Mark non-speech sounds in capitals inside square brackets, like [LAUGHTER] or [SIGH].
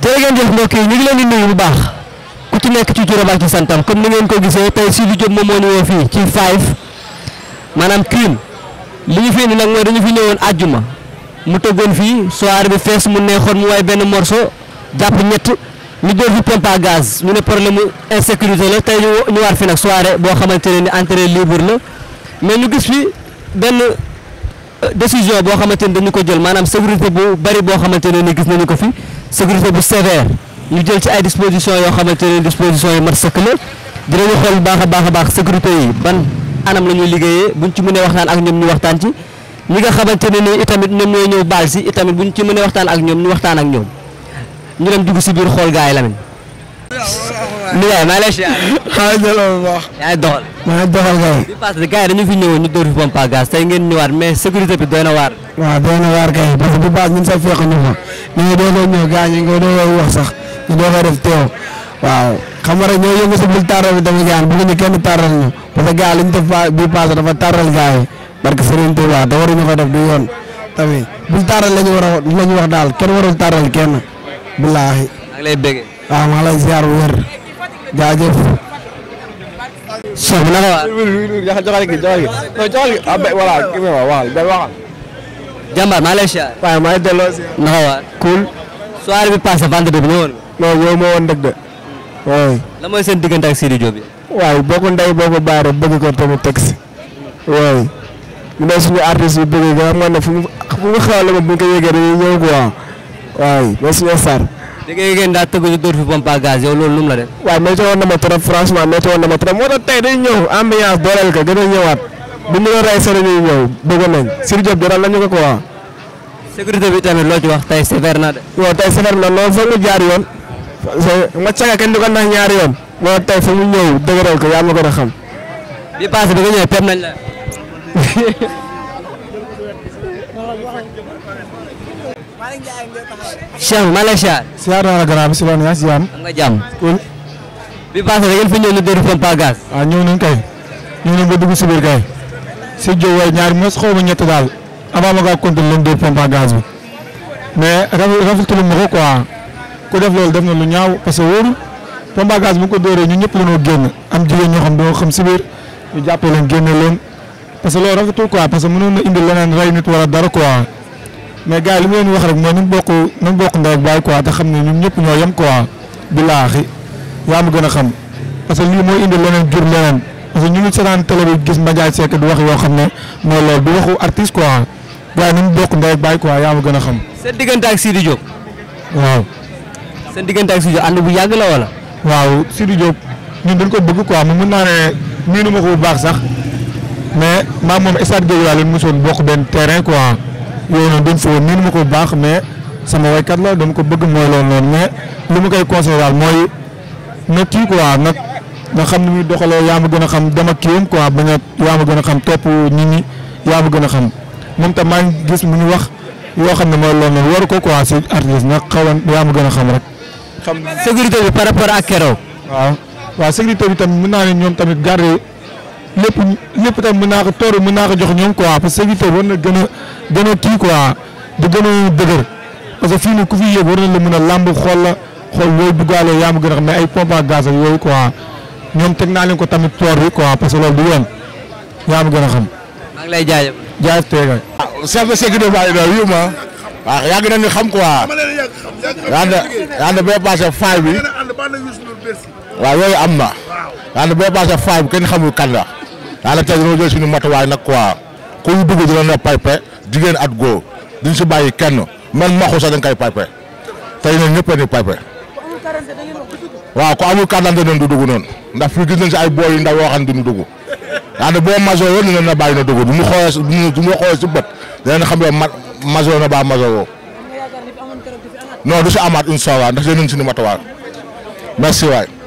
te ngeen jëf mbokk yi ñu ngi leen di nuyu bu baax ku ci nekk ci juróom ak ci santam comme ni ngeen ko gisee tey si lu jëm moom moo ñu woo fii ci five maanaam crime li ñu fi nag mooy dañu fi ñëwoon àjjuma mu tëggoon fii soirée bi fees mu neexoon mu waay benn morceau jàpp ñett ñu door fi pompe à gaz ñu ne problème mu insécurité la tey ñu ñu war fi nag soirée boo xamante ne ni entrée libre la mais ñu gis fi benn. décision boo xamante ni dañu ko jël maanaam sécurité bu bari boo xamante ne ni gis nañu ko fi sécurité bu sévère ñu jël ci ay disposition yoo xamante ne disposition yi mat sëkk la dinañu xool baax a baax a baax sécurité yi ban anam la ñuy liggéeyee buñ ci mënee waxtaan ak ñoom ñu waxtaan ci ñi nga xamante ne ni itamit ñoom ñooy ñëw baal si itamit buñ ci mënee waxtaan ak ñoom ñu waxtaan ak ñoom ñu dem dugg si biir xool gaa yi lamin Ndiaye maa ngi lay ziar. maa ngi jëloon bu baax. yaa ngi doxal. maa ngi doxal kay. bi passé gars yi dañu fi ñëwoon ñu dóor fi pompe à gaz tey ngeen ñëwaat mais sécurité bi doy na waar. waaw doy na waar kay parce que bi passé ñun sax fekk ñu fa ñu ngi doon ñëw gars ñu ngi doon wax sax ñu doon def teew waaw xam nga rek ñoo yëngu si bul taaral bi tamit gaan bëgguñu kenn taaral ñu parce que gars li ñu def bi passé dafa taaral gars yi barke Serigne Touba te waruñu ko def du yoon tamit bul taaral la ñu war a la ñu wax daal kenn warul taaral kenn billaahi. maa ngi lay bëggee. waaw maa lay ziar bu wér jaajëf. soxna nga waay. joxal gi joxal gi joxal gi voilà kii bi waaw waxal. jàmbaar maa lay ziar. waaw maa ngi delloo ziar. naka waay. cool. soirée bi passé vendredi bi ñëwoon nga. non yow moo woon dëgg de. waaw. la mooy seen diggante ak Sidi Diop bi. waaw boo ko ndey boo ko baaree bëgg ko tamit teg si. waaw. ñu ne suñu artiste bi bëgg nga xam nga ne fu mu fu mu xewle ma bu ñu ko yëgee dañuy ñëw quoi. waaw mooy suñu star. da ngay ngeen daa tëgg fi pompe à gaz yow loolu lu la def. waaw métti woon na ma trop franchement métti woon na ma trop moo tax tey dañ ñëw ambiance dooleel ko gën a ñëw bëggoon nañ Sir Diop doral nañu ko quoi. sécurité bi tamit loo ci wax tey sévère na de. waaw tey sévère na lool foog mu jaar yoon. ma caga kenn du ko nax ñaari yoon. moo tax tey fa mu ñëw dëgëral ko yaa ma ko a xam. bi la. [LAUGHS] Cheikh Malaysia. siyaar naa la gannaaw si loolu yaa si jàmm. am nga jàmm. cool. bi fi ñëw ñu déglu pompe à ñaar mos xaw ma ñett daal. avant ma kaa continué leen déglu pompe à gaz bi. mais rafetlu ma ko quoi. ku def loolu def na lu ñaaw parce que wóorul. pompe à gaz ñu ko dóoree ñun ñëpp dañoo génn. am jigéen ñoo xam dañoo xam si biir. ñu jàppee leen génne leen. parce que loolu rafetul quoi parce que mënoon indi leneen rey nit wala dara quoi. mais gars yi li mu leen wax rek mooy nañ bokk nañ bokk ndaw ak baay quoi te xam ne ñun ñëpp ñoo yem quoi bi laaxi yaa ma gën a xam parce que lii mooy indi leneen jur leneen parce que ñu ngi seetaan télé bi gis Mbadia Seck du wax yoo xam ne mooy loolu du waxu artiste quoi gars yi nañ bokk ndaw ak baay quoi yaa ma gën a xam. seen diggante ak Sidi Diop. waaw. seen diggante ak Sidi Diop ànd bu yàgg la wala. waaw Sidi Diop ñun dañ ko bëgg quoi mu naa ne miinu ma ko bu baax sax mais maa moom stade Guédiawaye lañ mosoon bokk benn terrain quoi. yooyu noonu dem foofu nii ma ko baax mais sama waykat la dama ko bëgg mooy loolu noonu mais li ma koy conseillé daal mooy na kii quoi nag na xam ni muy doxalee yaa ma gën a xam dama kiiwam quoi ba nga yaa ma a xam topp nit ñi yaa ma gën a xam moom tam maa ngi gis mu ñu wax yoo xam ne mooy loolu noonu waru ko quoi si artiste nag xaw ma yaa ma gën a xam rek. xam sécurité bi par rapport ak keroog. waaw waaw sécurité bi tamit mën naa ne ñoom tamit garder. lépp lépp tam mën naa ko toor mën naa ko jox ñoom quoi parce que Séviteurs war na gën a gën a kii quoi di gën a dëgër parce mën a làmb xool la xool loolu duggaale yaa a xam mais ay pompe à gaz ak yooyu quoi ñoom teg naa leen ko tamit toor bi quoi parce que loolu du yoon yaa ma gën a xam. maa ngi lay jaajëf. jaajëf teegal. ah, ah xam quoi yàgg yàgg na bee passé faay bi waaw yooyu am na yàgg na bee passé faay bi kenn xamul kan yàlla tey dañoo jël suñu matuwaay nag quoi ku ñu dugg dina ne paype jigéen at góor duñ si bàyyi kenn man maxu sax kay koy paype tey ñun ñëpp dañuy paype. waaw ku amul carte d'identité du dugg noonu ndax fii gis nañ si ay booy yu ndaw yoo xam ne duñu dugg daanaka boo majeur woon dinañ la bàyyi na dugg bu mu xoolee bu mu xoolee si bët xam ne ma majeur na ba majeur si amaat incha allah ndax merci waay.